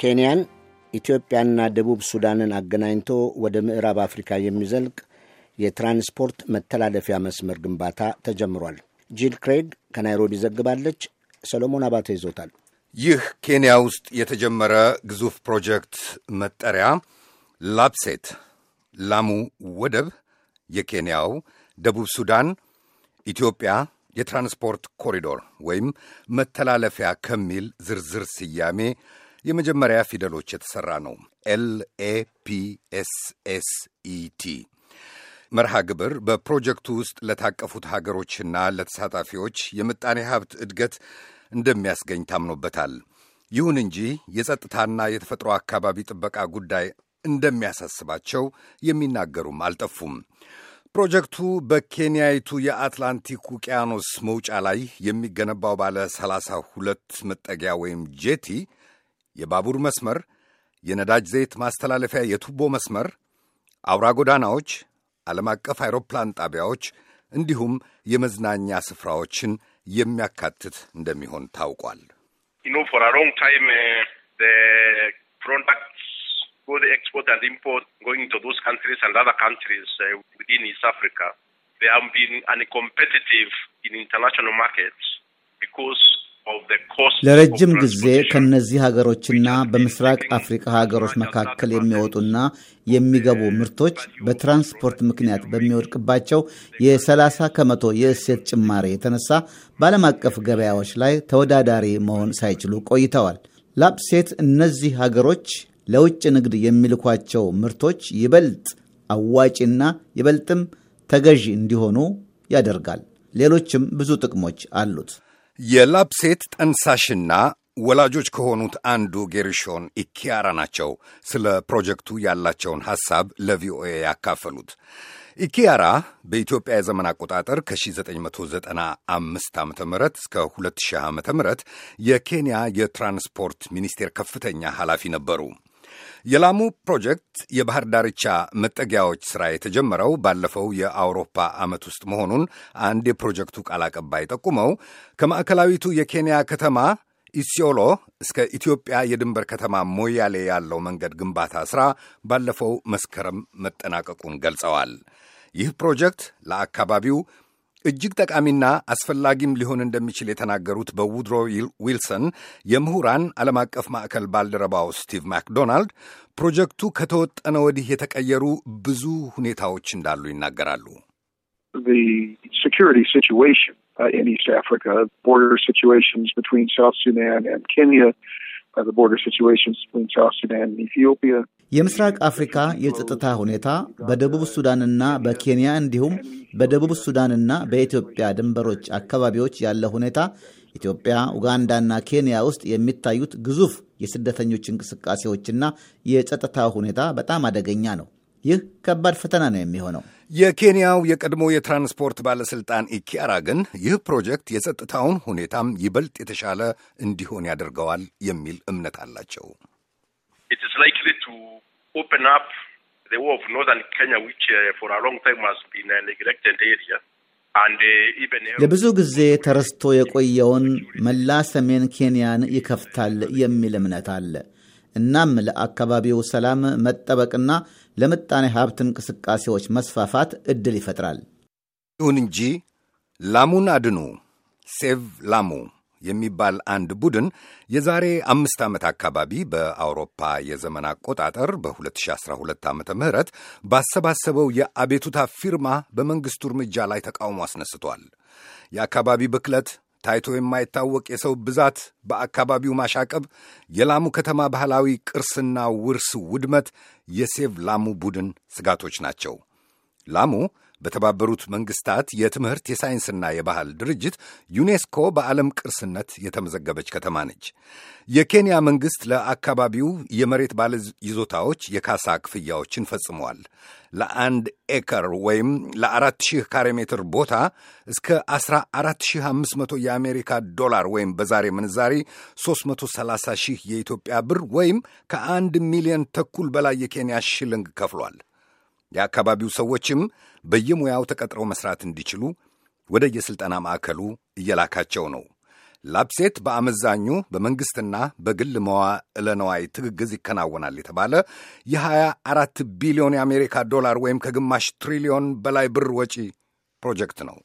ኬንያን፣ ኢትዮጵያና ደቡብ ሱዳንን አገናኝቶ ወደ ምዕራብ አፍሪካ የሚዘልቅ የትራንስፖርት መተላለፊያ መስመር ግንባታ ተጀምሯል። ጂል ክሬግ ከናይሮቢ ዘግባለች። ሰሎሞን አባተ ይዞታል። ይህ ኬንያ ውስጥ የተጀመረ ግዙፍ ፕሮጀክት መጠሪያ ላፕሴት ላሙ ወደብ የኬንያው፣ ደቡብ ሱዳን፣ ኢትዮጵያ የትራንስፖርት ኮሪዶር ወይም መተላለፊያ ከሚል ዝርዝር ስያሜ የመጀመሪያ ፊደሎች የተሠራ ነው። ኤል መርሃ ግብር በፕሮጀክቱ ውስጥ ለታቀፉት ሀገሮችና ለተሳታፊዎች የምጣኔ ሀብት እድገት እንደሚያስገኝ ታምኖበታል። ይሁን እንጂ የጸጥታና የተፈጥሮ አካባቢ ጥበቃ ጉዳይ እንደሚያሳስባቸው የሚናገሩም አልጠፉም። ፕሮጀክቱ በኬንያይቱ የአትላንቲክ ውቅያኖስ መውጫ ላይ የሚገነባው ባለ ሁለት መጠጊያ ወይም ጄቲ የባቡር መስመር፣ የነዳጅ ዘይት ማስተላለፊያ የቱቦ መስመር፣ አውራ ጎዳናዎች፣ ዓለም አቀፍ አይሮፕላን ጣቢያዎች እንዲሁም የመዝናኛ ስፍራዎችን የሚያካትት እንደሚሆን ታውቋል። good export and import going to those countries and other countries uh, within East Africa. They have been uncompetitive in international markets because ለረጅም ጊዜ ከነዚህ ሀገሮችና በምስራቅ አፍሪካ ሀገሮች መካከል የሚወጡና የሚገቡ ምርቶች በትራንስፖርት ምክንያት በሚወድቅባቸው የ30 ከመቶ የእሴት ጭማሪ የተነሳ በዓለም አቀፍ ገበያዎች ላይ ተወዳዳሪ መሆን ሳይችሉ ቆይተዋል። ላፕሴት እነዚህ ሀገሮች ለውጭ ንግድ የሚልኳቸው ምርቶች ይበልጥ አዋጪና ይበልጥም ተገዢ እንዲሆኑ ያደርጋል። ሌሎችም ብዙ ጥቅሞች አሉት። የላፕሴት ጠንሳሽና ወላጆች ከሆኑት አንዱ ጌርሾን ኢኪያራ ናቸው። ስለ ፕሮጀክቱ ያላቸውን ሐሳብ ለቪኦኤ ያካፈሉት ኢኪያራ በኢትዮጵያ የዘመን አቆጣጠር ከ1995 ዓ ም እስከ 2000 ዓ ም የኬንያ የትራንስፖርት ሚኒስቴር ከፍተኛ ኃላፊ ነበሩ። የላሙ ፕሮጀክት የባህር ዳርቻ መጠጊያዎች ሥራ የተጀመረው ባለፈው የአውሮፓ ዓመት ውስጥ መሆኑን አንድ የፕሮጀክቱ ቃል አቀባይ ጠቁመው ከማዕከላዊቱ የኬንያ ከተማ ኢሲዮሎ እስከ ኢትዮጵያ የድንበር ከተማ ሞያሌ ያለው መንገድ ግንባታ ሥራ ባለፈው መስከረም መጠናቀቁን ገልጸዋል። ይህ ፕሮጀክት ለአካባቢው እጅግ ጠቃሚና አስፈላጊም ሊሆን እንደሚችል የተናገሩት በውድሮ ዊልሰን የምሁራን ዓለም አቀፍ ማዕከል ባልደረባው ስቲቭ ማክዶናልድ ፕሮጀክቱ ከተወጠነ ወዲህ የተቀየሩ ብዙ ሁኔታዎች እንዳሉ ይናገራሉ። የምስራቅ አፍሪካ የጸጥታ ሁኔታ በደቡብ ሱዳንና በኬንያ እንዲሁም በደቡብ ሱዳንና በኢትዮጵያ ድንበሮች አካባቢዎች ያለ ሁኔታ ኢትዮጵያ፣ ኡጋንዳና ኬንያ ውስጥ የሚታዩት ግዙፍ የስደተኞች እንቅስቃሴዎችና የጸጥታ ሁኔታ በጣም አደገኛ ነው። ይህ ከባድ ፈተና ነው የሚሆነው። የኬንያው የቀድሞ የትራንስፖርት ባለሥልጣን ኢኪያራ ግን ይህ ፕሮጀክት የጸጥታውን ሁኔታም ይበልጥ የተሻለ እንዲሆን ያደርገዋል የሚል እምነት አላቸው። it is likely to open up the whole of northern Kenya, which uh, for a long time has been a uh, neglected area. Uh, ለብዙ ጊዜ ተረስቶ የቆየውን መላ ሰሜን ኬንያን ይከፍታል የሚል እምነት አለ። እናም ለአካባቢው ሰላም መጠበቅና ለምጣኔ ሀብት እንቅስቃሴዎች መስፋፋት ዕድል ይፈጥራል። ይሁን እንጂ ላሙን አድኑ ሴቭ ላሙ የሚባል አንድ ቡድን የዛሬ አምስት ዓመት አካባቢ በአውሮፓ የዘመን አቆጣጠር በ2012 ዓ ም ባሰባሰበው የአቤቱታ ፊርማ በመንግሥቱ እርምጃ ላይ ተቃውሞ አስነስቷል። የአካባቢ ብክለት፣ ታይቶ የማይታወቅ የሰው ብዛት፣ በአካባቢው ማሻቀብ፣ የላሙ ከተማ ባህላዊ ቅርስና ውርስ ውድመት የሴቭ ላሙ ቡድን ስጋቶች ናቸው። ላሙ በተባበሩት መንግስታት የትምህርት የሳይንስና የባህል ድርጅት ዩኔስኮ በዓለም ቅርስነት የተመዘገበች ከተማ ነች። የኬንያ መንግሥት ለአካባቢው የመሬት ባለ ይዞታዎች የካሳ ክፍያዎችን ፈጽሟል። ለአንድ ኤከር ወይም ለአራት ሺህ ካሬ ሜትር ቦታ እስከ 14500 የአሜሪካ ዶላር ወይም በዛሬ ምንዛሪ 330 ሺህ የኢትዮጵያ ብር ወይም ከአንድ ሚሊዮን ተኩል በላይ የኬንያ ሽልንግ ከፍሏል። የአካባቢው ሰዎችም በየሙያው ተቀጥረው መስራት እንዲችሉ ወደ የሥልጠና ማዕከሉ እየላካቸው ነው። ላፕሴት በአመዛኙ በመንግሥትና በግል መዋዕለ ነዋይ ትግግዝ ይከናወናል የተባለ የ24 ቢሊዮን የአሜሪካ ዶላር ወይም ከግማሽ ትሪሊዮን በላይ ብር ወጪ ፕሮጀክት ነው።